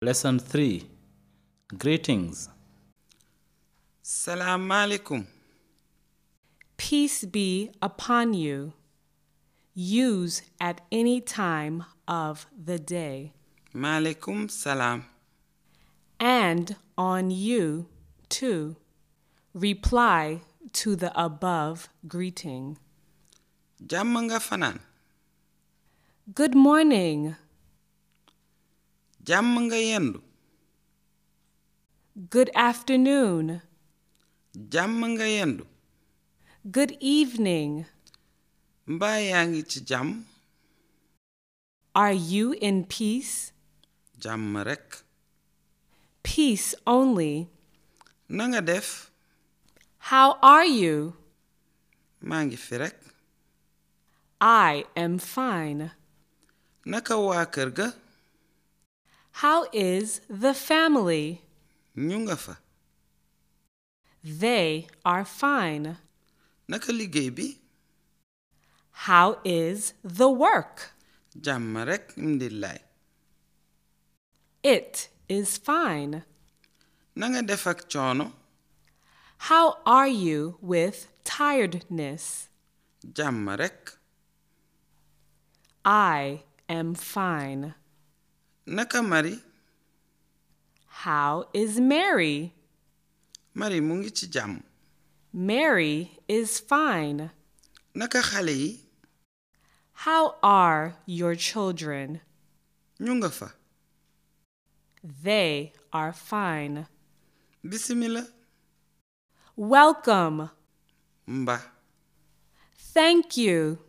Lesson 3 Greetings. Salam alaikum. Peace be upon you. Use at any time of the day. Malikum salam. And on you, too. Reply to the above greeting. Jammanga fanan. Good morning. jàmm nga yendu good afternoon jàmm nga yendu good evening mba yaa ngi ci jàmm are you in peace jàmm rekk peace only na nga def how are you maa ngi fi rekk I am fine. ka waa kër ga? How is the family? Ñu nga fa. They are fine. Naka liggéey bi? How is the work? Jàmm rek mdillaay. It is fine. Na nga def ak How are you with tiredness? Jàmm rek. I am fine. Naka Mari? How is Mary? Mari mu ngi ci jàmm. Mary is fine. Naka xale yi? How are your children? Ñu nga fa. They are fine. Bismillah. Welcome. Mba. Thank you.